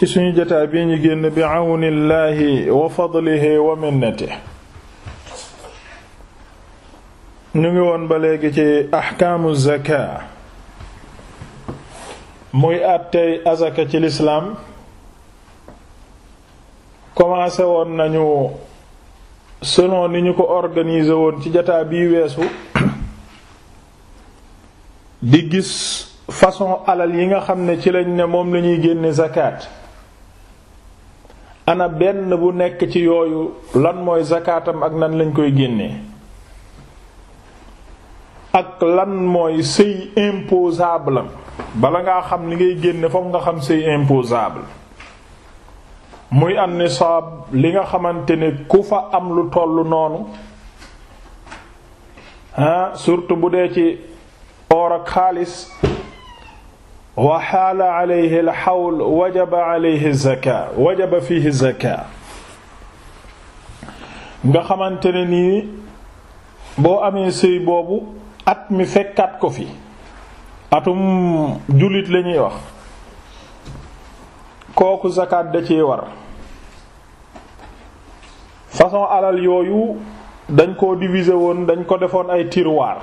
ci suñu jotaay bi ñu génn bi àwnillaahi wa fadlihi wa minnatihi ñu ngi woon ba léegi ci ahkaamu zaka muy àttey azaka ci lislaam commencé woon nañu selon ni ñu ko organise woon ci jotaay bi weesu di gis façon alal yi nga xam ne ci lañ ne moom lañuy génne zakat ana benn bu nekk ci yooyu lan mooy zakaatam ak nan lañ koy génnee ak lan mooy sëy imposable bala ngaa xam li ngay génne fokk nga xam sëy imposable muy am nisaab li nga xamante ne ku fa am lu tollu noonu ah surtout bu dee ci or ak xaalis wa xaala alayhi alxawl wajaba alayhi zaka wajaba fihi zaka nga xamante ne nii boo amee sëy boobu at mi fekkaat ko fi atum jullit la ñuy wax kooku zakaat da ciy war façon alal yooyu dañ ko diviser woon dañ ko defoon ay tiroir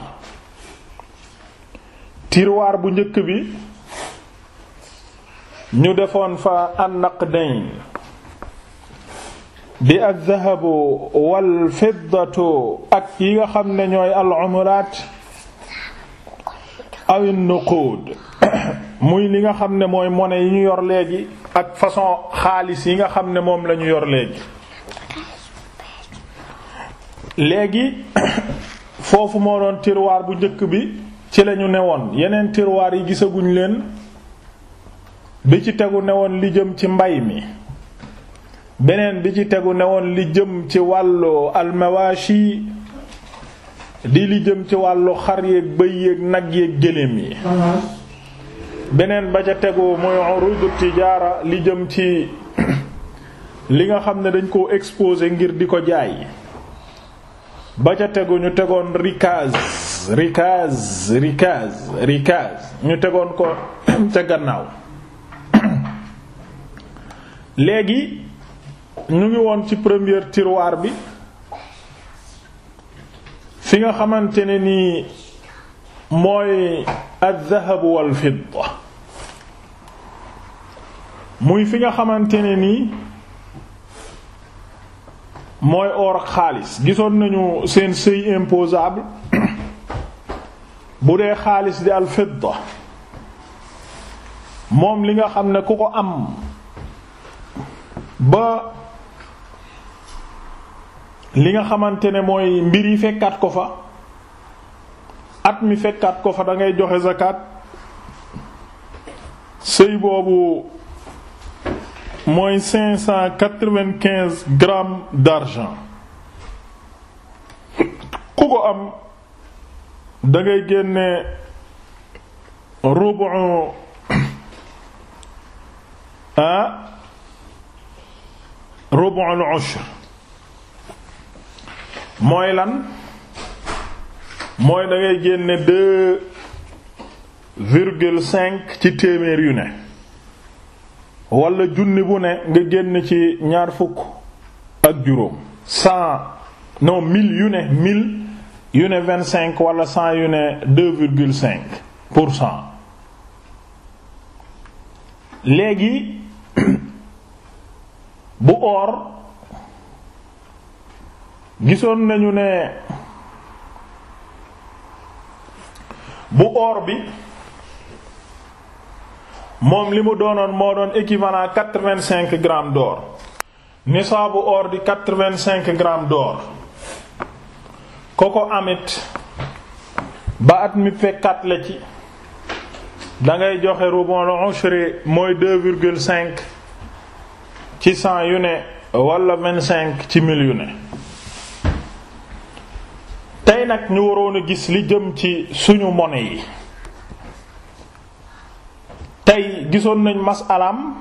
tiroir bu njëkk bi ñu defoon fa an-naqdayn di az-zahabu wal fiddatu ak yi nga xam ne ñooy al-umraat aw an muy li nga xam ne mooy mone yi ñu yor léegi ak façon xaalis yi nga xam ne moom lañu ñu yor léegi léegi foofu moo doon tiroir bu jëkk bi ci lañu ne woon yeneen tiroir yi gisaguñu leen bi ci tegu woon li jëm ci mbay mi beneen bi ci tegu newoon li jëm ci wàllu almawashi di li jëm ci wàllu xar yeeg bëy yeeg nag yeeg gëléem yi beneen ba ca tegu muy urudu tijaara li jëm ci li nga xam ne dañ koo exposé ngir di ko jaay ba ca tegu ñu tegoon rikaz rikaz rikaz ñu tegoon ko ca gannaaw léegi ñu ngi woon ci première tiroir bi fi nga xamante ne nii mooy az-zahab wal fidda muy fi nga xamante ne nii mooy or xaalis gisoon nañu seen seuil imposable bu dee xaalis di al fidda moom li nga xam ne ku ko am ba li nga xamante ne mooy mbir yi fekkaat ko fa at mi fekkaat ko fa da ngay joxe zakat sëy boobu mooy cinq cent quatre-vingt-quinze grammes d'argent ku ko am da ngay génne ah rub'ul ushr mooy lan mooy da ngay génne ci téeméer yu ne wala junni bu ne nga génn ci ñaar fukk ak juróom cent non mille yu ne mille yu ne vingt cinq wala cent yu ne deux virgule cinq pour cent léegi bu or gisoon nañu ne bu or bi moom li mu doonoon moo doon équivalent quatre-vingt-cinq grammes d'or nisaabu or di quatre-vingt-cinq grammes d'or koko amit ba at mi fekkaat la ci dangay joxe rubon ushri mooy deux virgule cinq ci cent yu ne walla vingt-cinq ci mille yu ne tey nag ñu waroon a gis li jëm ci suñu monnaie yi tey gisoon nañ masalaam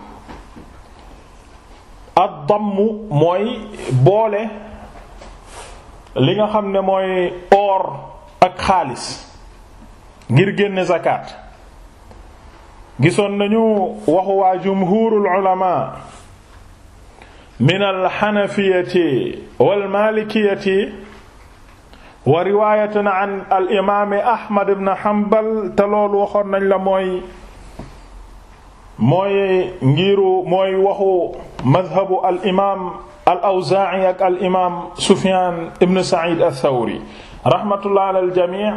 ad damm mooy boole li nga xam ne mooy or ak xaalis ngir génne zakat gisoon nañu waxu waa jumhuurul ulamaa min alxanafiyati walmalikiyati wa riwaayatan an al imaami ahmad ibn hanbal te loolu waxoon nañ la mooy mooy ngiru mooy waxu madhabu al imaam al awzaa'i ak al imaam sufyaan ibn sa'iid al thawri rahmatullah ala al jamii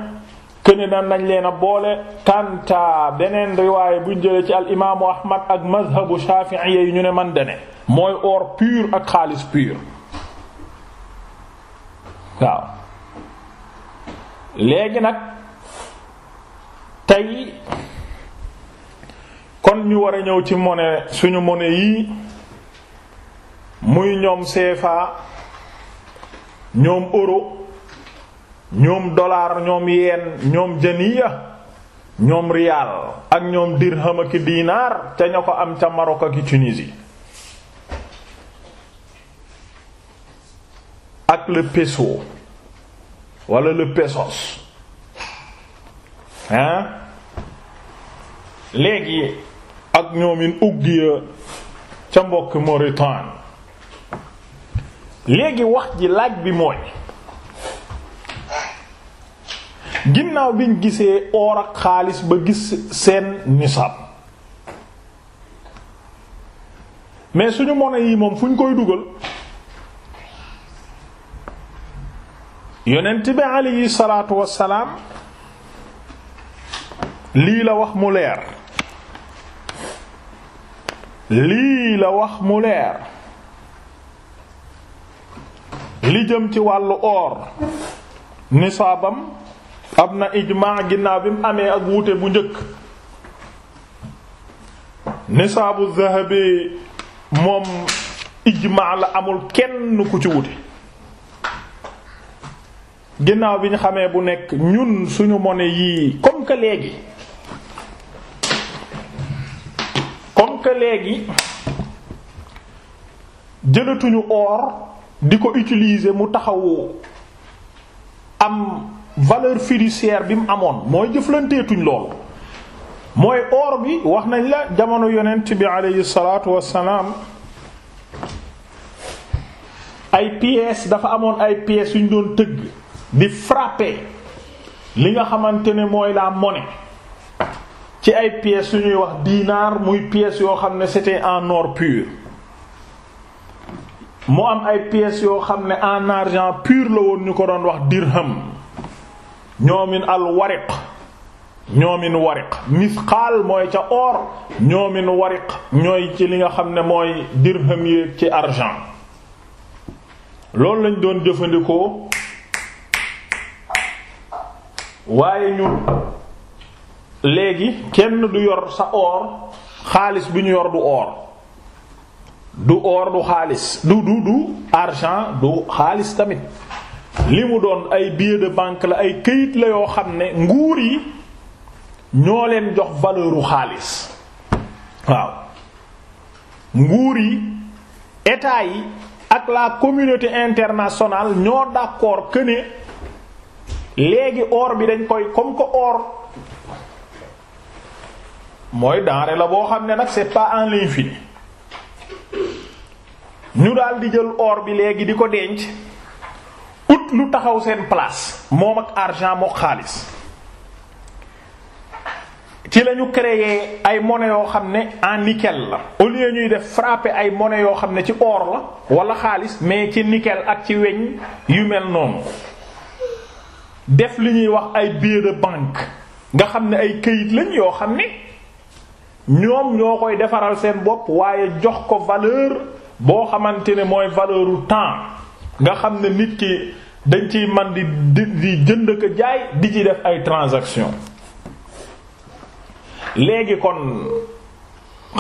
këne nan nañ leen a boole kanta beneen riwaayé buñ jëlee ci al imaamu ahmad ak mazhabu shafi'i yi ñu ne man dene mooy or pur ak xaalis pur waaw léegi nag tey kon ñu war ñëw ci monnaie suñu mone yii muy ñoom CFA ñoom euro ñoom dollar ñoom yeen ñoom janiya ñoom rial ak ñoom dirham ak diinaar ca ña ko am ca Maroc ak Tunisie ak le peso wala le pesos hein léegi ak ñoom in ugiya ca mbokk Mauritanie léegi wax ji laaj bi mooy ginnaaw biñ gisee or ak xaalis ba gis seen nisaab mais suñu monnaie yi moom fu ñu koy dugal yonent bi alayhi salaatu wassalaam lii la wax mu leer lii la wax mu leer li jëm ci wàllu or nisaabam am na ijmaa ginnaaw bi mu amee ak wuute bu njëkk nisaabu zahabi moom ijmaa la amul kenn ku ci wuute ginnaaw bi ñu xamee bu nekk ñun suñu mone yii comme que léegi comme que léegi jëlatuñu or di ko utiliser mu taxawu am valeur fiduciaire bi mu amoon mooy jëflanteetuñ loolu mooy or bi wax nañ la jamono yonent bi aleyhi salaatu wassalaam ay pièces dafa amoon ay pièces yu ñu doon tëgg di frapper li nga xamante ne mooy la monnaie ci ay pièces yu ñuy wax dinaar muy pièces yoo xam ne c'était en or pur mu am ay pièces yoo xam ne en argent pur la woon ñu ko doon wax dirham ñoomin al wariq ñoomin wariq misqaal mooy ca or ñoomin wariq ñooy ci li nga xam ne mooy dirham yi ci argent loolu lañ doon jëfandikoo waaye ñun léegi kenn du yor sa oor xaalis bi ñu yor du or du or du xaalis du du du argent du xaalis tamit li mu doon ay billets de banque la ay këyit la yoo xam ne nguur yi ñoo leen jox valeuru xaalis waaw nguur yi état yi ak la communauté internationale ñoo d'accord que ne léegi or bi dañ koy comme que or mooy denrée la boo xam ne nag c'est pas en l'infini ñu daal di jël or bi léegi di ko denc. ut lu taxaw seen place moom ak argent mook xaalis ci lañu ñu ay monnaie yoo xam ne en nickel la au lieu ñuy def frapper ay monnaie yoo xam ne ci or la wala xaalis mais ci nickel ak ci weñ yu mel noonu def li ñuy wax ay billets banque nga xam ne ay këyit lañ yoo xam ne ñoom ñoo koy defaral seen bopp waaye jox ko valeur boo xamante ne mooy valeur u temps nga xam ne nit ki dañ ci man di di jënd ko jaay di ci def ay transaction léegi kon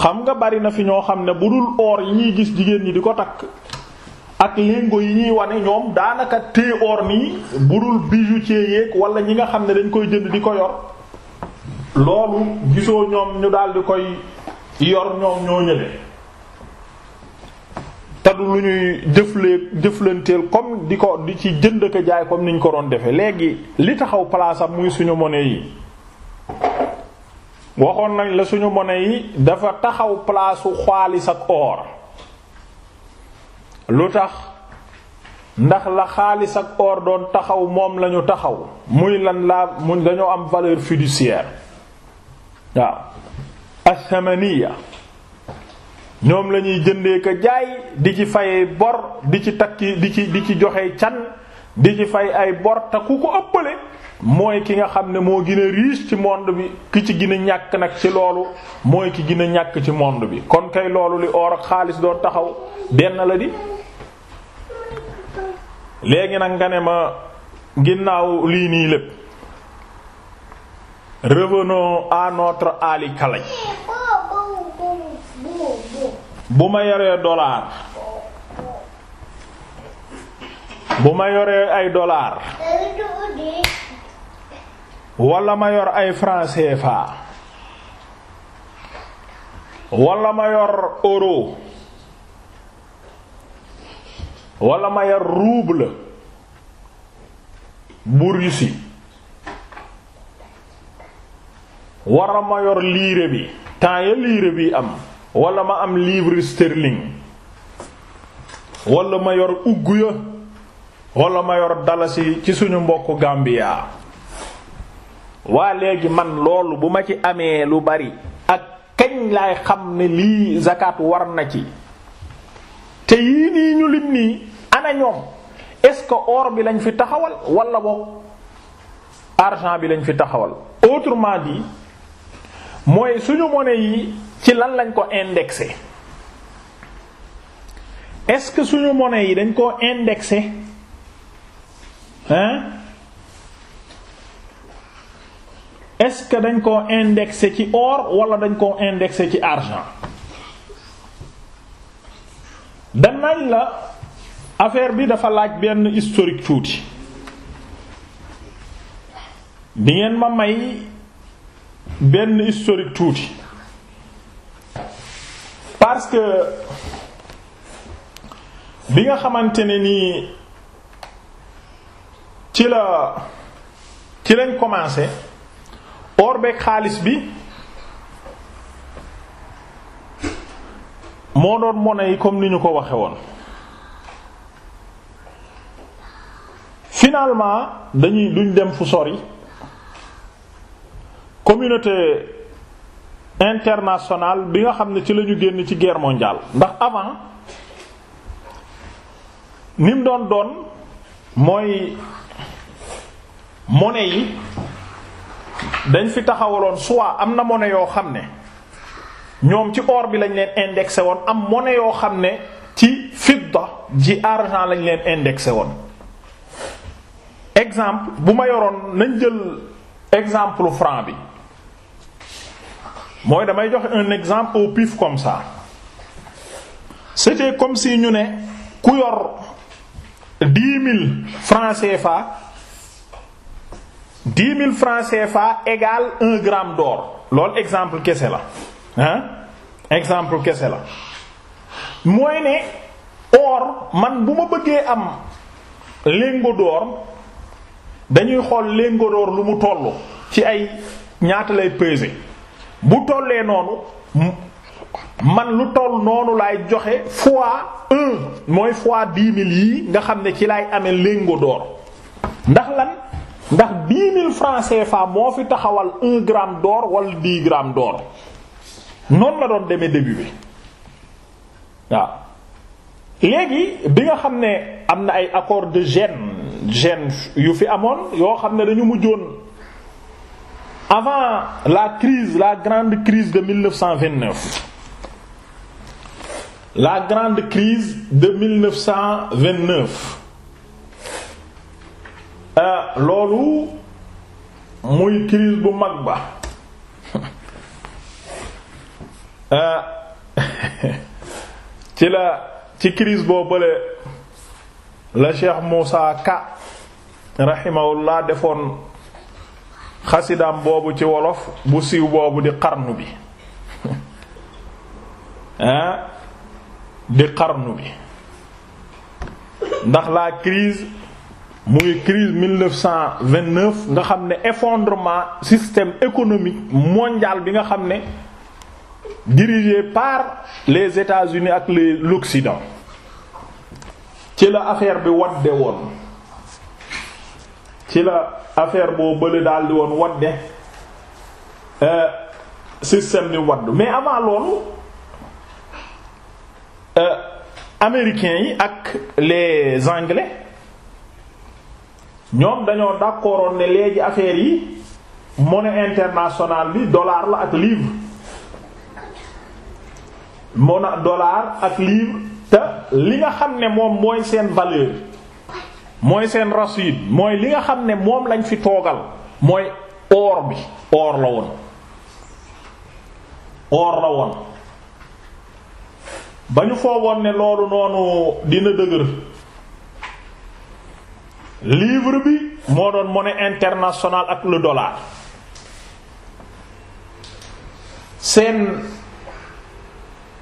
xam nga bari na fi ñoo xam ne bu dul or yi ñuy gis jigéen ñi di ko takk ak lingo yi ñuy wane ñoom daanaka téye or nii bu dul bijoutier yeeg wala ñi nga xam ne dañ koy jënd di ko yor loolu gisoo ñoom ñu daldi di koy yor ñoom ñoo ñële te du lu ñuy jëflee jëflanteel comme di ko di ci jënd ko jaay comme niñ ko doon defee léegi li taxaw place am muy suñu monnaie yi waxoon nañ la suñu monnaie yi dafa taxaw palaasu su xaalis ak or lu tax ndax la xaalis ak or doon taxaw moom lañu taxaw muy lan laa mu dañoo am valeur fiduciaire waaw asamaniya ñoom lañuy jëndee ka jaay di ci fayee bor di ci takki di ci di ci joxe can di ci fay ay bor te ku ko ëppale mooy ki nga xam ne moo gën a riche ci monde bi ki ci gën a ñàkk nag ci loolu mooy ki gën a ñàkk ci monde bi kon kay loolu li or ak xaalis doo taxaw benn la di léegi nag nga ne ma ginnaaw lii nii lépp revenons à notre Ali Kalaj bu ma yoree dollar bu ma ay dollar wala ma yor ay francs fa wala ma yor euro wala ma yor rouble bu Russie wara ma yor liire bi temps ya liire bi am walla ma am livre sterling wala ma yor ugg ya wala ma yor dalasi ci suñu mbokk Gambia waa léegi man loolu bu ma ci amee lu bari ak kañ laay xam ne lii zakat war na ci te yii nii ñu lim nii ana ñoom est-ce que or bi lañ fi taxawal walla boog argent bi lañ fi taxawal autrement dit mooy suñu monnaie yi ci lan lañ ko indexé est-ce que suñu monnaie yi dañ koo indexé hein est-ce que dañ koo indexé ci or wala dañ koo indexé ci argent danañ la affaire bi dafa laaj benn historique tuuti bi ngeen ma may benn historique tuuti parce que bi nga xamante ne nii ci la ci lañ commencé or xaalis bi moo doon monnaie yi comme ni ñu ko waxe woon finalement dañuy duñ dem fu sori communauté internationale bi nga xam ne ci lañu génn ci guerre mondiale ndax avant ni mu doon doon mooy monnaie yi dañ fi taxawaloon soit am na monnaie yoo xam ne ñoom ci or bi lañ leen indexé woon am monnaie yoo xam ne ci fidda ji argent lañ leen indexé woon exemple bu ma yoroon nañ jël exemple franc bi mooy damay joxe un exemple au pif comme ça c'était comme si ñu ne ku yor dix mille francs fa dix mille francs CFA égale un gramme d'or loolu exemple kese la ah exemple kese la mooy ne or man bu ma bëggee am lingot d'or dañuy xool lingot d'or lu mu tollu ci ay ñaata lay peser. bu tollee noonu man lu toll noonu laay joxe fois un mooy fois dix mille yii nga xam ne ci laay amee lingot door ndax lan ndax dix mille francs moo fi taxawal un gramme door wala dix grammes door noonu la doon demee début waaw léegi bi nga xam ne am na ay accord de gêne gêne yu fi amoon yoo xam ne dañu mujjoon avant la crise la grande crise de 1929 la grande crise de 1929 euh, loolu muy crise bu mag ba euh, ci la ci crise boo bële la Cheikh Moussa Ka rahimahullah defoon xasidaam boobu ci wolof bu siiw boobu di xarnu bi hein di xarnu bi ndax la crise muy crise 1929 nga xam ne effondrement système économique mondial bi nga xam ne dirigé par les États-Unis ak les l'Occident ci la affaire bi wadde woon ci la affaire boo bële daal di woon wadde euh, système ni wadd mais avant loolu euh, américains yi ak les anglais ñoom dañoo d'accordoon ne léegi affaire yi monnaie internationale bi dollar la ak livre mona dollar ak livre te li nga xam ne moom mooy seen valeur mooy seen rasiid mooy li nga xam ne moom lañ fi toogal mooy or bi or la woon or la woon ba ñu foogoon ne loolu noonu dina dëgër livre bi moo doon monnaie internationale ak le dollar seen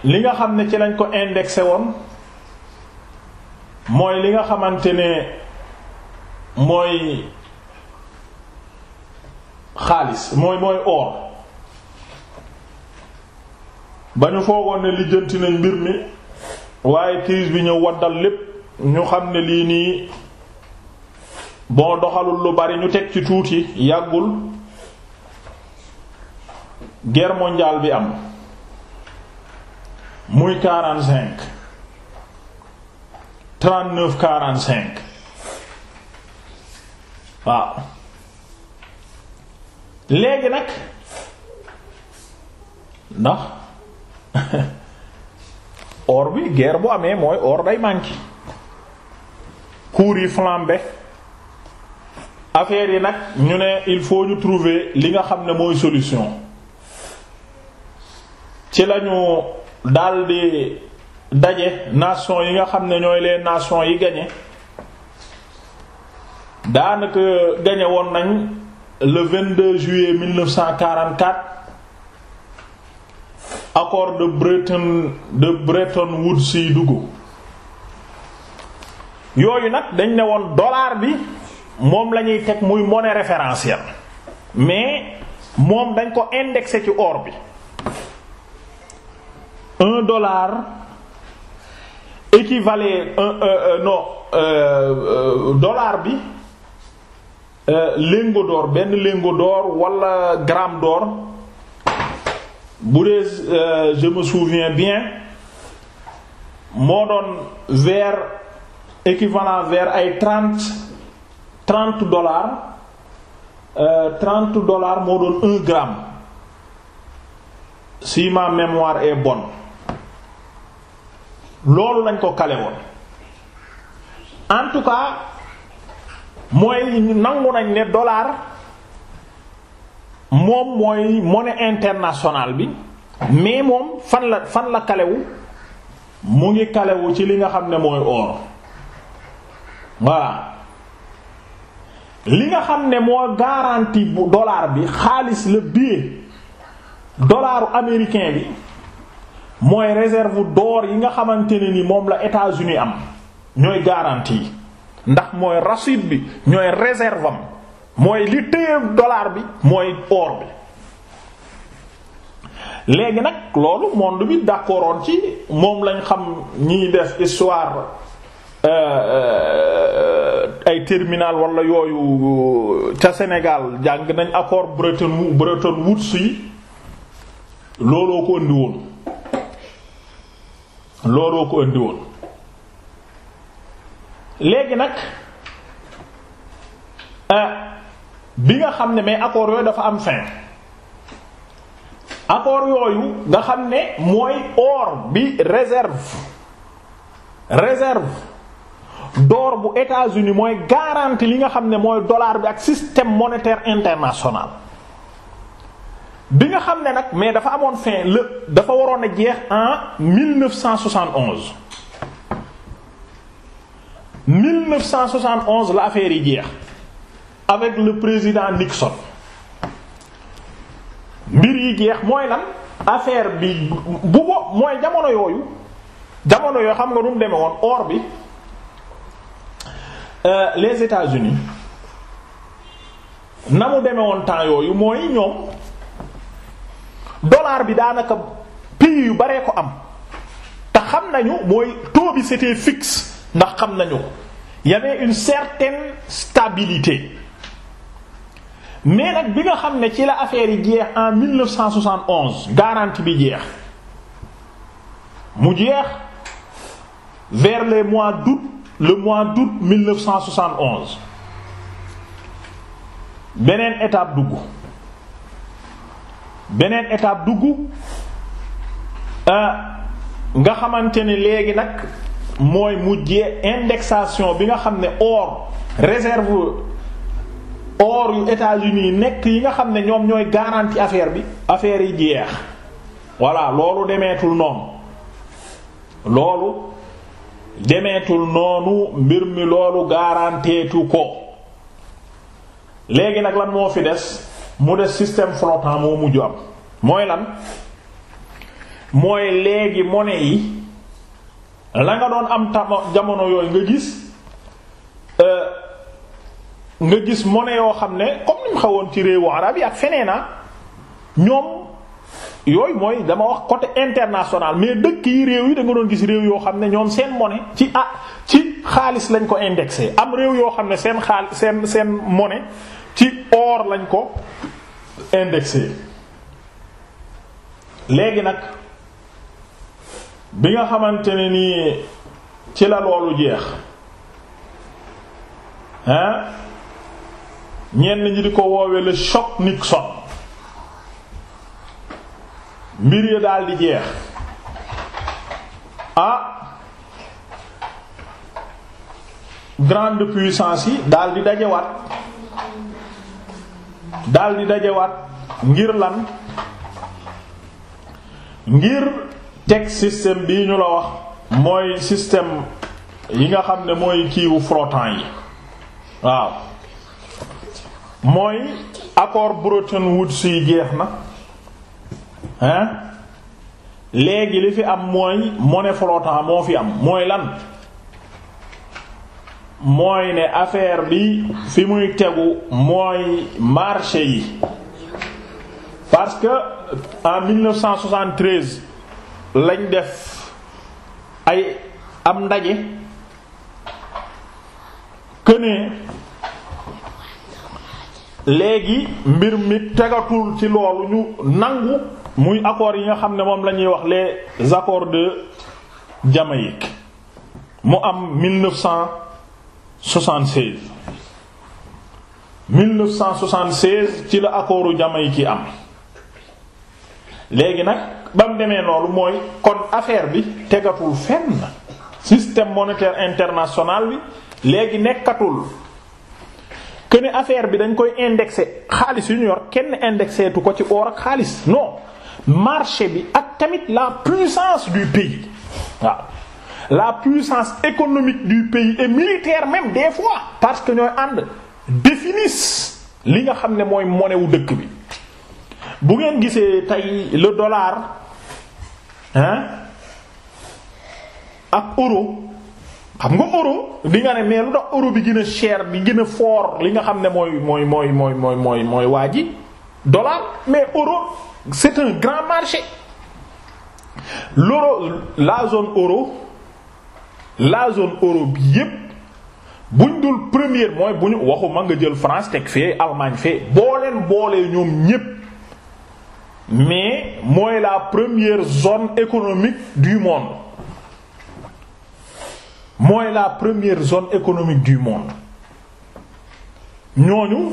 li nga xam ne ci lañ ko indexé woon mooy li nga xamante ne mooy xaalis mooy mooy or ba ñu foogoon ne lijjanti nañ mbir mi waaye crise bi ñëw waddal lépp ñu xam ne lii nii boo doxalul lu bari ñu teg ci tuuti yàggul guerre bi am muy quarante cinq quarante cinq waaw léegi nag ndax or bi guerre bu amee mooy or day manqué cours yi flambé affaire yi nag ñu ne il faut ñu trouver li nga xam ne mooy solution ci lañu daldi daje nation yi nga xam ne ñooy les nations yi gañe daanaka gañe woon nañ le 22 juillet 1944 accord de Bretton de Bretton Woods yi dugg yooyu nag dañ ne woon dollar bi moom la ñuy teg muy monnaie référentielle mais moom dañ ko indexé ci or bi un dollar équivalait un euh, euh, non euh, dollar bi. Euh, lingot d'or benn lingot door walla gramme d'or bu dee euh, je me souviens bien moo doon vers équivalent vers ay trente trente dollars euh, trente dollars moo doon un gramme si ma mémoire est bon loolu lañ ko kale en tout cas. mooy nangu nañ ne dollar moom mooy monnaie internationale bi mais moom fan la fan la kalewu mu ngi kalewu ci li nga xam ne mooy or voilà li nga xam ne moo garantie bu dollar bi xaalis la billet dollaru américain bi mooy réserve door yi nga xamante ne ni moom la États-Unis am ñooy garantie ndax mooy rachid bi ñooy réserve mooy li téye dollar bi mooy or bi. léegi nag loolu monde bi d'accord ci moom lañ xam ñiy def histoire euh, euh, ay terminal walla yooyu ca Sénégal jàng nañ accord Bretton Bretton Woods yi looloo ko indi woon looloo ko indi woon léegi nag euh, bi nga xam ne mais accords yooyu dafa am fin accords yooyu nga xam ne mooy oor bi réserve réserve d'or bu États-Unis mooy garantie li nga xam ne mooy dollar bi ak système monétaire international bi nga xam ne nag mais dafa amoon fin la dafa waroon a jeex en 1971 1971 la affaire yi jeex avec le président Nixon mbir yi jeex mooy lan affaire bi bu bo mooy jamono yooyu jamono yooyu xam nga nu mu demee woon or bi euh, les États-Unis na mu demee woon temps yooyu mooy ñoom dollar bi daanaka pays yu baree ko am te xam nañu mooy taux bi c'était fixe. ndax xam nañu ko y avait une certaine stabilité mais nag bi nga xam ne ci la affaire yi jeex en 1971 garantie bi jeex mu jeex vers les mois d'août le mois d'août 1971 beneen étape dugg beneen étape dugg euh, nga xamante ni léegi nag mooy mujje indexation bi nga xam ne or réserve or yu États-Unis nekk yi nga xam ne ñoom ñooy garantie affaire bi affaire yi jeex voilà loolu demeetul noonu loolu demeetul noonu mbir mi loolu garanteetu ko léegi nag lan moo fi des mu des système flottant moo mujj am mooy lan mooy léegi monnaie yi la nga doon am jamono yooyu nga gis euh, nga gis mone yoo xam ne comme ni mu xawoon ci réewu arab yi ak feneen ah, ñoom yooyu mooy dama wax côté international mais dëkk yi réew yi da nga doon gis réew yoo xam ne ñoom seen monnaie ci ah ci xaalis lañ ko indexé am réew yoo xam ne seen xaalis seen seen monnaie ci or lañ ko indexé léegi nag. bi nga xamante ne nii ci la loolu jeex hein ñenn ñi di ko woowe le choc Nixon mbir ya daal di jeex ah grande puissance yi daal di dajewaat daal ngir lan ngir teg système bii ñu la wax mooy système yi nga xam ne mooy kiiwu flottant yi waaw mooy accord Bretton Woods yi geex na hein léegi li fi am mooy monnaie flottant moo fi am mooy lan mooy ne affaire bi fi muy tegu mooy marché yi parce que en 1973 lañ def ay am ndaje kënee léegi mbir mi tegatul ci loolu ñu nangu muy accords yi nga xam ne moom lañuy wax les accords de Jamaïque mu am 1976 1976 ci la accordu Jamaïque yi am léegi nag ba mu demee noonu mooy kon affaire bi tegatul fenn système monétaire international bi léegi nekkatul que ne affaire bi dañ koy indexé xaalis yu ñu yor kenn indexé ko ci or ak xaalis non marché bi ak tamit la puissance du pays waaw la puissance économique du pays et militaire même des parce que ñooy ànd définissent li nga xam ne mooy monnaie wu dëkk bi. bu ngeen gisee tey le dollar hein ak euro xam nga euro li nga ne mais lu tax euro bi gën a cher bi gën a fort li nga xam ne mooy mooy mooy mooy mooy mooy mooy waa ji dollar mais euro c'est un grand marché l'euro la zone euro la zone euro bi yépp buñ dul première mooy bu ñu waxuma nga jël France teg fee Allemagne fee boo leen boolee ñoom ñépp mais mooy la première zone économique du monde mooy la première zone économique du monde ñooñu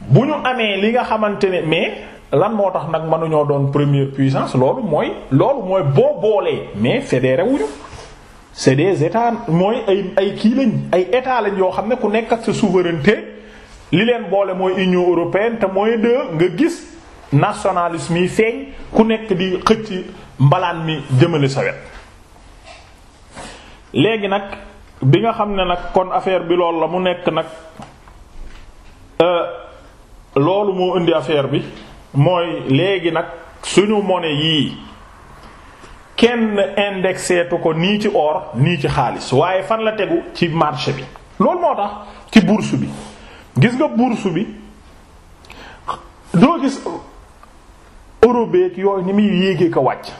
bu ñu amee li nga xamante ne mais lan moo tax nag mënuñoo doon première puissance loolu mooy loolu mooy boo boolee mais fédéré wuñu c'est des états mooy ay ay kii lañ ay états lañ yoo xam ne ku nekk ak sa souveraineté li leen boole mooy Union européenne te mooy de nga gis nationalisme mi feeñ ku nekk di xëcc mbalaan mi jëmale sa léegi nag bi nga xam ne nag kon affaire bi loolu la mu nekk nag euh, loolu moo indi affaire bi mooy léegi nag suñu monnaie yii kenn indexeetu ko nii ci oor nii ci xaalis waaye fan la tegu ci marché bi loolu moo tax ci bourse bi gis nga bourse bi doo gis eurobeeg yooyu ni muy yéegee ko wàcc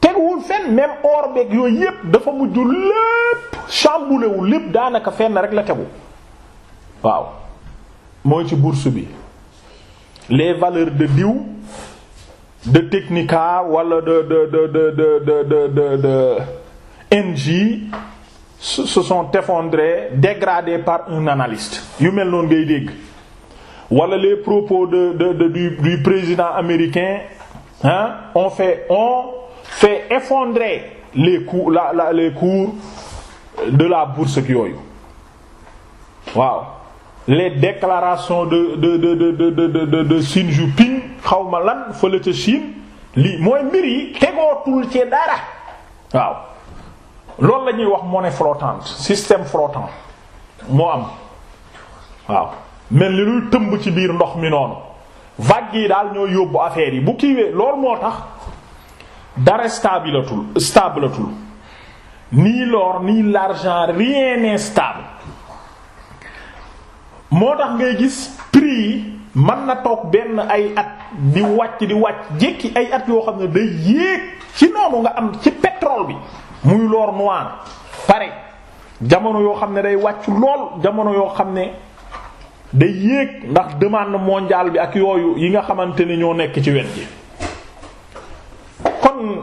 teguwul fenn même or yooyu yépp dafa mujj lépp chamboulé lépp daanaka fenn rek la tegu waaw mooy ci bourse bi les valeurs de diw de Technica walla de de de de de de de de NJ se par un analyste yu mel noonu ngay dégg. wala les propos de de, de du président américain hein on fait on fait effondrer les cours la, la les cours de la bourse ak yooyu waaw les déclaration de de de de de de de de, xawma lan fële ca Chine lii mooy mbir yi tegootul ci dara waaw loolu la ñuy wax monnaie flottante système flottant moo am waaw. mel ni luy tëmb ci biir ndox mi noonu vagues yi daal ñoo yóbbu affaire yi bu kiiwee lool moo tax dara stabilatul stabilatul nii l'or nii l'argent rien stable moo tax ngay gis prix yi mën na toog benn ay at di wàcc di wàcc jékki ay at yoo xam ne day yéeg ci noonu nga am ci pétrole bi muy l'or noir pare jamono yoo xam ne day wàcc lool jamono yoo xam ne day yéeg ndax demande mondiale bi ak yooyu yi nga xamante ne ñoo nekk ci wet gi kon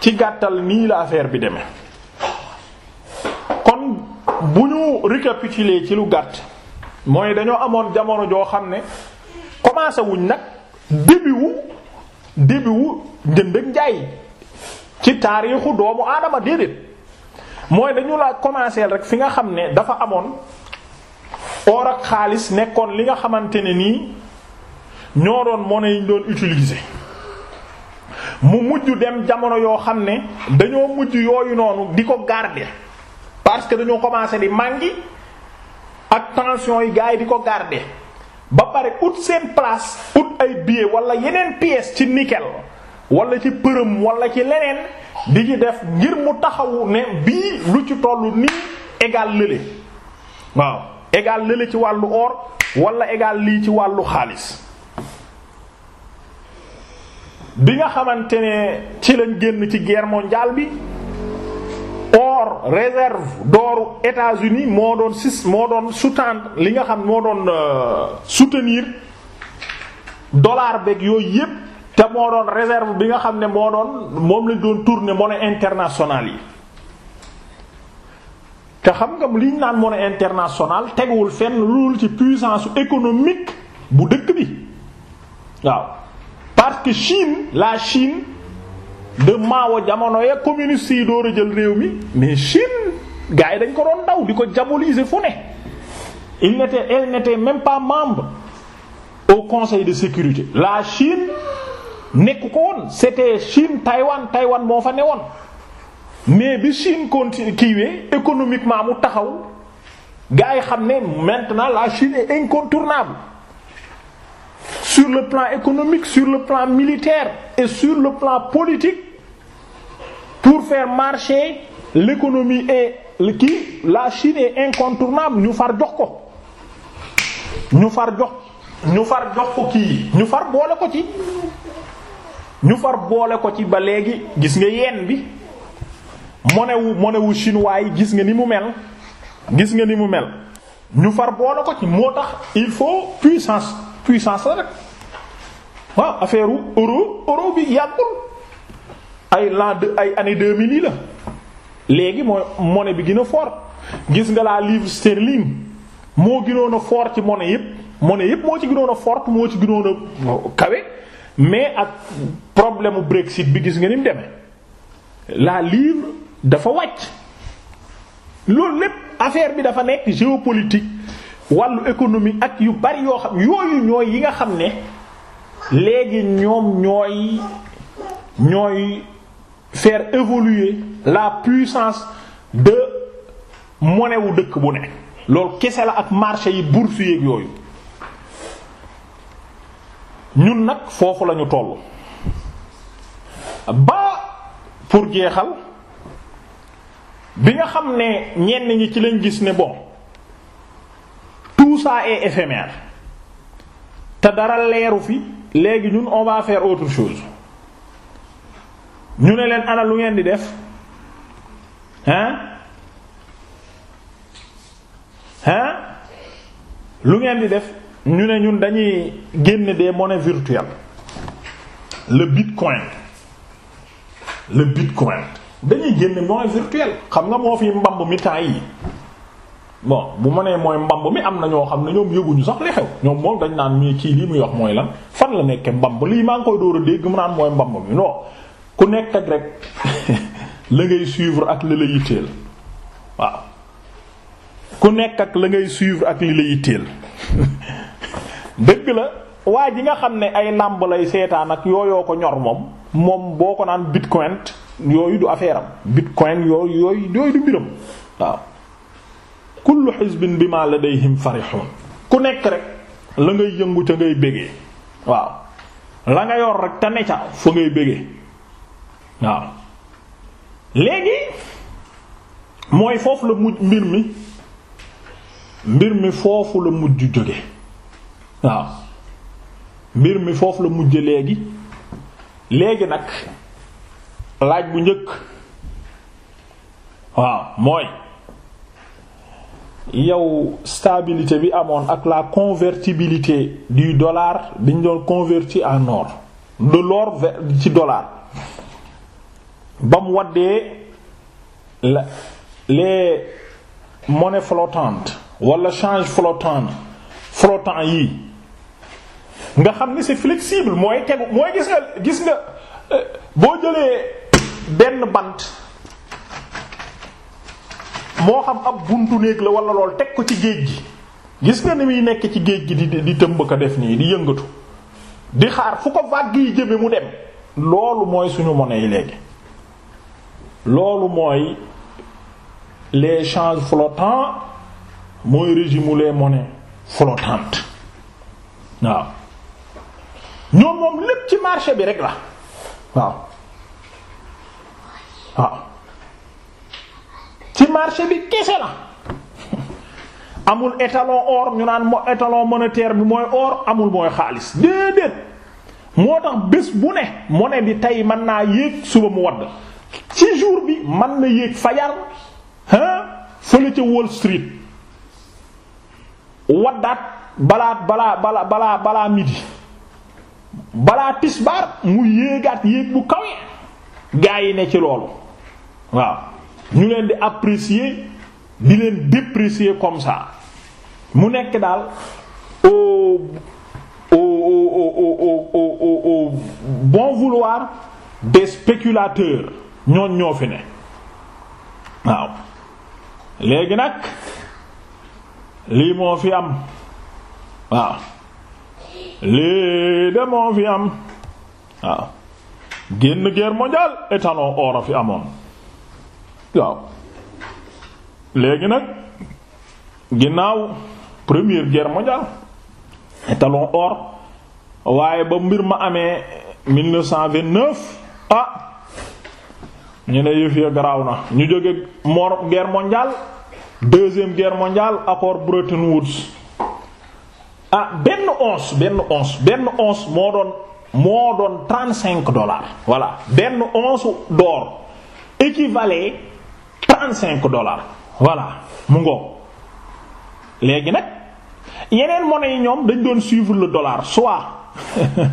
ci gàttal nii la affaire bi demee kon bu ñu récapituler ci lu gàtt mooy dañoo amoon jamono joo xam ne commencé wuñ nag début wu début wu ak njaay ci taarixu doomu aadama déedéet mooy dañu la commencé rek fi nga xam ne dafa amoon. or ak xaalis nekkoon li nga xamante ne nii ñoo doon monnaie yi doon utiliser mu mujj dem jamono yoo xam ne dañoo mujj yooyu noonu di ko garde parce que dañoo commencé di màngi ak tension yi gars yi di ko garde ba pare ut seen place ut ay billets wala yeneen pièces ci nickel wala ci përëm walla ci leneen di ci def ngir mu taxawu ne bii lu ci tollu nii égal lële waaw. égal lële ci wàllu or wala égal lii ci wàllu xaalis bi nga xamante ne ci lañ génn ci guerre mondiale bi or réserve d'oru États-Unis moo doon sis moo doon soutenir li nga xam moo doon euh, soutenir dollar beg yooyu yépp te moo doon réserve bi nga xam ne moo doon moom lañ doon tourner monnaie internationale yi te xam nga liñ naan moon internationale teguwul fenn loolu ci puissance économique bu dëkk bi waaw parce que Chine la Chine de Mao jamono ya communiste yi door a jël réew mi mais Chine gars yi dañ ko doon daw di ko diaboliser fu ne il n'était elle n'était même pas membre au conseil de sécurité la Chine nekk ko woon c'était Chine Taïwan Taïwan moo fa newoon. mais bi Chine continue kiiwee économiquement mu taxaw gars yi xam ne maintenant la Chine est incontournable sur le plan économique sur le plan militaire et sur le plan politique pour fair marcher l'économie et ki la Chine est incontournable ñu far jox ko ñu far jox ñu far jox ko kii ñu far boole ko ci ñu far boole ko ci ba léegi gis nga yeen bi monnaie wu monnaie wu chinois gis nga ni mu mel gis nga ni mu mel ñu far boole ko ci moo tax il faut puissance puissance la rek waaw affaire u euro euro bi yàggul ay l'an de ay année 2000 yi la léegi moo monnaie bi gën a fort gis nga laa livre sterling moo gënoon a fort ci monnaie yépp monnaie yépp moo ci gënoon a fort moo ci gënoon a kawe mais ak problème Brexit bi gis nga ni mu demee la livre dafa wàcc loolu lépp affaire bi dafa nekk géopolitique wàllu économie ak yu bari yoo xam yooyu ñooy yi nga xam ne léegi ñoom ñooy ñooy faire évoluer la puissance de monnaie wu dëkk bu ne loolu kese la ak marché yi bourse yeeg yooyu ñun nag foofu lañu tollu ba pour jeexal bi nga xam ne ñenn ñi ci lañ gis ne bon tout ça est éphémère te dara leeru fi léegi ñun on va faire autre chose ñu ne leen ana lu ngeen di def hein hein lu ngeen di def ñu ne ñun dañuy génn des monnaies virtuelles le bitcoin le bitcoin dañuy génn mooy virtuel xam nga moo fi mbamb mi temps yi bon bu ma nee mooy mbamb mi am na ñoo xam ne ñoom yëguñu sax li xew ñoom moom dañu naan mii kii lii muy wax mooy lan fan la nekke mbamb lii maa ngi koy dóor a dégg mu naan mooy mbamb mi non ku nekk ak rek la ngay suivre ak li la yitteel waaw ku nekk ak la ngay suivre ak li la yitteel dëgg la waa ji nga xam ne ay làmb lay seetaan ak yooyoo ko ñor moom moom boo ko naan bit bitcoin yooyu du affaire bit bitcoin yooyu yooyu yooyu du mbiram waaw kullu xisbin bi ma ladayhim farihun ku nekk rek la ngay yëngu ca ngay bégee waaw la nga yor rek tane ca fa ngay bégee waaw léegi mooy foofu la mujj mbir mi mbir mi foofu la mujj jóge waaw mbir mi foofu la mujj léegi léegi nag laaj bu njëkk waaw mooy yow stabilité bi amoon ak la convertibilité du dollar dañ doon converti en or de l'or ci dollar ba mu waddee la les monnaies flottantes wala change flottant flottant yi nga xam ne c'est flexible mooy tegu mooy gis nga gis nga euh, boo jëlee benn bant moo xam ab buntu néeg la wala lool teg ko ci géej gi gis nga ni muy nekk ci géej gi di di tëmb ko def nii di yëngatu di xaar fu ko vague yi jëme mu dem loolu mooy suñu monnaie yi léegi loolu mooy les change flottants mooy régime les monnaies flottantes waaw ñoom moom lépp ci marché bi rek la waaw waaw ah. ci marché bi kese la amul étalon or ñu naan étalon monétaire bi mooy or amul mooy xaalis déedéet moo tax bés bu ne monnaie bi tey mën naa yéeg suba mu wadd ci jour bi mën na yéeg fajar ah fële ca Wall Street waddaat balaa balaa balaa balaa midi balaa tisbaar mu yéegaat yéeg bu kawe gaa yi ne ci loolu waaw ñu leen di apprécier di leen déprécier comme ça mu nekk daal au au au au au bon vouloir des spéculateurs ñooñ ñoo fi ne waaw léegi nag lii moo fi am waaw lii de moo fi am waaw génn guerre mondiale étalon or a fi amoon waaw léegi nag ginnaaw première guerre mondiale étalon or waaye ba mbir ma amee 1929 ah ñu ne yëf ya garaaw na ñu jóge mor guerre mondiale deuxième guerre mondiale accord Bretton Woods ah benn once benn once benn once moo doon moo doon trente-cinq dollars wala benn once d'or équivalait 35 dollars voilà mu ngoog léegi nag yeneen monnaie yi ñoom dañ doon suivre le dollar soit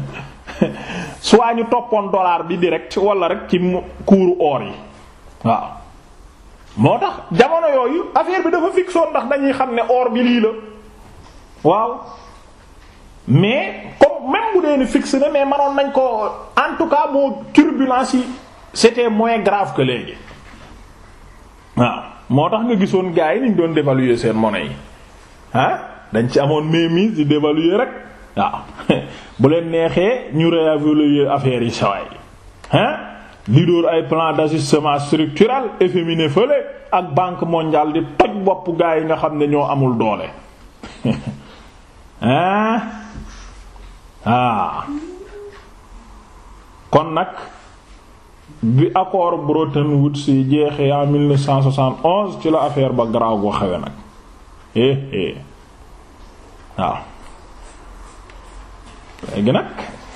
soit ñu toppoon dollar bi direct wala rek ci kuuru or yi waaw moo tax jamono yooyu affaire bi dafa fixoon ndax dañuy xam ne or bi lii la waaw mais comme même bu dee ni fixe na mais manoon nañ ko en tout cas moo turbulence yi c'était moins grave que léegi waaw ah, moo tax nga gisoon gars yi niñ doon dévaluer seen monnaie yi ah, dañ ci amoon mainmise di dévaluer rek waaw ah, bu leen neexee ñu réévaluer affaire yi sawaay hein li dóor ay plan d'ajustement structurel efféminé fële ak banque mondiale di toj bopp gars yi nga xam ne ñoo amul doole hein ah kon nag bi accord Bretton Woods yi jeexee en 1971 ci la affaire ba garaaw boo xewe nag eh, eh. waaw léegi nag